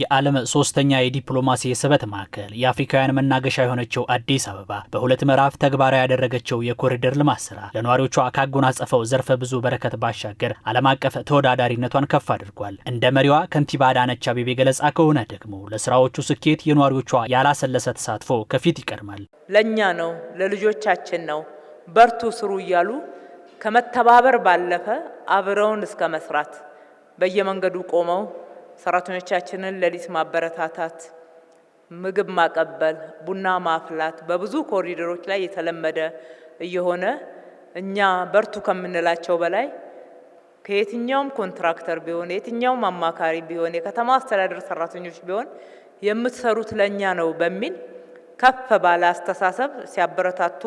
የዓለም ሶስተኛ የዲፕሎማሲ የስበት ማዕከል የአፍሪካውያን መናገሻ የሆነችው አዲስ አበባ በሁለት ምዕራፍ ተግባራዊ ያደረገችው የኮሪደር ልማት ስራ ለነዋሪዎቿ ካጎናጸፈው ዘርፈ ብዙ በረከት ባሻገር ዓለም አቀፍ ተወዳዳሪነቷን ከፍ አድርጓል። እንደ መሪዋ ከንቲባ አዳነች አቤቤ ገለጻ ከሆነ ደግሞ ለስራዎቹ ስኬት የነዋሪዎቿ ያላሰለሰ ተሳትፎ ከፊት ይቀርማል። ለእኛ ነው፣ ለልጆቻችን ነው፣ በርቱ ስሩ እያሉ ከመተባበር ባለፈ አብረውን እስከ መስራት በየመንገዱ ቆመው ሰራተኞቻችንን ለሊት ማበረታታት፣ ምግብ ማቀበል፣ ቡና ማፍላት በብዙ ኮሪደሮች ላይ የተለመደ እየሆነ እኛ በርቱ ከምንላቸው በላይ ከየትኛውም ኮንትራክተር ቢሆን የትኛውም አማካሪ ቢሆን የከተማ አስተዳደር ሰራተኞች ቢሆን የምትሰሩት ለእኛ ነው በሚል ከፍ ባለ አስተሳሰብ ሲያበረታቱ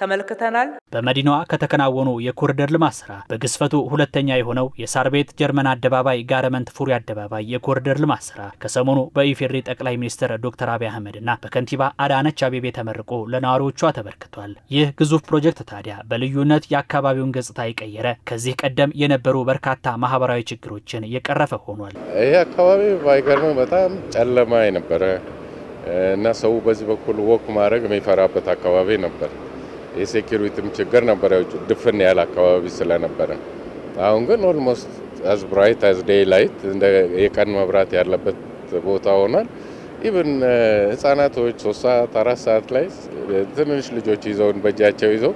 ተመልክተናል። በመዲናዋ ከተከናወኑ የኮሪደር ልማት ስራ በግዝፈቱ ሁለተኛ የሆነው የሳር ቤት ጀርመን አደባባይ ጋርመንት ፉሪ አደባባይ የኮሪደር ልማት ስራ ከሰሞኑ በኢፌዴሪ ጠቅላይ ሚኒስትር ዶክተር አብይ አህመድና በከንቲባ አዳነች አቤቤ ተመርቆ ለነዋሪዎቿ ተበርክቷል። ይህ ግዙፍ ፕሮጀክት ታዲያ በልዩነት የአካባቢውን ገጽታ የቀየረ ከዚህ ቀደም የነበሩ በርካታ ማህበራዊ ችግሮችን የቀረፈ ሆኗል። ይህ አካባቢ ባይገርም በጣም ጨለማ የነበረ እና ሰው በዚህ በኩል ወክ ማድረግ የሚፈራበት አካባቢ ነበር። የሴኪሪቲም ችግር ነበረ፣ ድፍን ያለ አካባቢ ስለነበረ። አሁን ግን ኦልሞስት አዝ ብራይት አዝ ዴይ ላይት እንደ የቀን መብራት ያለበት ቦታ ሆኗል። ኢቨን uh, ህጻናቶች ሶስት ሰዓት አራት ሰዓት ላይ ትንንሽ ልጆች ይዘውን በእጃቸው ይዘው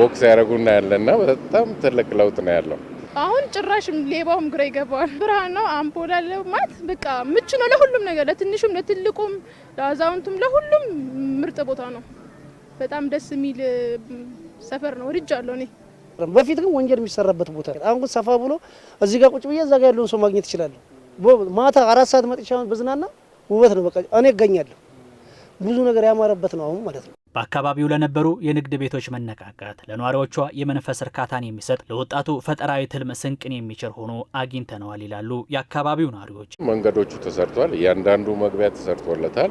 ወቅ ሲያደርጉ እናያለና በጣም ትልቅ ለውጥ ነው ያለው። አሁን ጭራሽ ሌባውም ግራ ይገባዋል። ብርሃን ነው አምፖል አለ ማለት በቃ ምቹ ነው ለሁሉም ነገር፣ ለትንሹም፣ ለትልቁም፣ ለአዛውንቱም ለሁሉም ምርጥ ቦታ ነው። በጣም ደስ የሚል ሰፈር ነው፣ አለው እኔ። በፊት ግን ወንጀል የሚሰራበት ቦታ፣ አሁን ግን ሰፋ ብሎ እዚህ ጋር ቁጭ ብዬ እዛ ጋር ያለውን ሰው ማግኘት እችላለሁ። ማታ አራት ሰዓት መጥቼ አሁን በዝናና ውበት ነው በቃ እኔ እገኛለሁ። ብዙ ነገር ያማረበት ነው አሁን ማለት ነው። በአካባቢው ለነበሩ የንግድ ቤቶች መነቃቃት ለነዋሪዎቿ የመንፈስ እርካታን የሚሰጥ ለወጣቱ ፈጠራዊ ትልም ስንቅን የሚችል ሆኖ አግኝተነዋል ይላሉ የአካባቢው ነዋሪዎች። መንገዶቹ ተሰርቷል። እያንዳንዱ መግቢያ ተሰርቶለታል።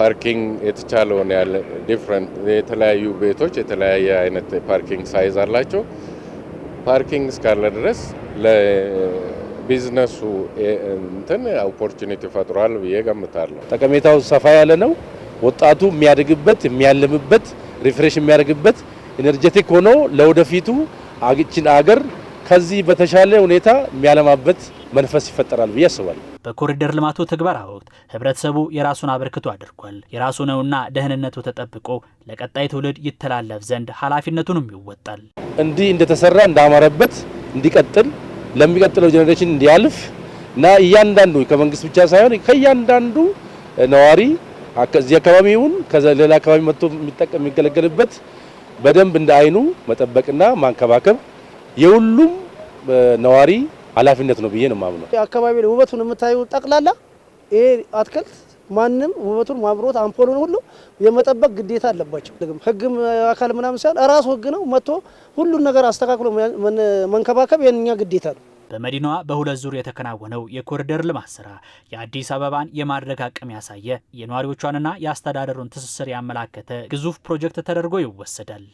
ፓርኪንግ የተቻለውን ያለ ዲፍረንት የተለያዩ ቤቶች የተለያየ አይነት ፓርኪንግ ሳይዝ አላቸው። ፓርኪንግ እስካለ ድረስ ለቢዝነሱ እንትን ኦፖርቹኒቲ ፈጥሯል ብዬ ገምታለሁ። ጠቀሜታው ሰፋ ያለ ነው። ወጣቱ የሚያድግበት የሚያልምበት፣ ሪፍሬሽ የሚያደርግበት ኢነርጀቲክ ሆኖ ለወደፊቱ አግችን አገር ከዚህ በተሻለ ሁኔታ የሚያለማበት መንፈስ ይፈጠራል ብዬ አስባለሁ። በኮሪደር ልማቱ ትግበራ ወቅት ህብረተሰቡ የራሱን አበርክቶ አድርጓል። የራሱ ነውና ደህንነቱ ተጠብቆ ለቀጣይ ትውልድ ይተላለፍ ዘንድ ኃላፊነቱንም ይወጣል። እንዲህ እንደተሰራ እንዳማረበት እንዲቀጥል ለሚቀጥለው ጀኔሬሽን እንዲያልፍ እና እያንዳንዱ ከመንግስት ብቻ ሳይሆን ከእያንዳንዱ ነዋሪ ከዚህ አካባቢ ይሁን ከሌላ አካባቢ መጥቶ የሚጠቀም የሚገለገልበት በደንብ እንደ አይኑ መጠበቅና ማንከባከብ የሁሉም ነዋሪ ኃላፊነት ነው ብዬ ነው የማምነው። አካባቢ ውበቱን የምታዩ ጠቅላላ ይሄ አትክልት ማንም ውበቱን ማምሮት አምፖሉን ሁሉ የመጠበቅ ግዴታ አለባቸው። ህግም አካል ምናምን ሳይሆን እራሱ ህግ ነው መጥቶ ሁሉን ነገር አስተካክሎ መንከባከብ የኛ ግዴታ ነው። በመዲናዋ በሁለት ዙር የተከናወነው የኮሪደር ልማት ስራ የአዲስ አበባን የማድረግ አቅም ያሳየ የነዋሪዎቿንና የአስተዳደሩን ትስስር ያመላከተ ግዙፍ ፕሮጀክት ተደርጎ ይወሰዳል።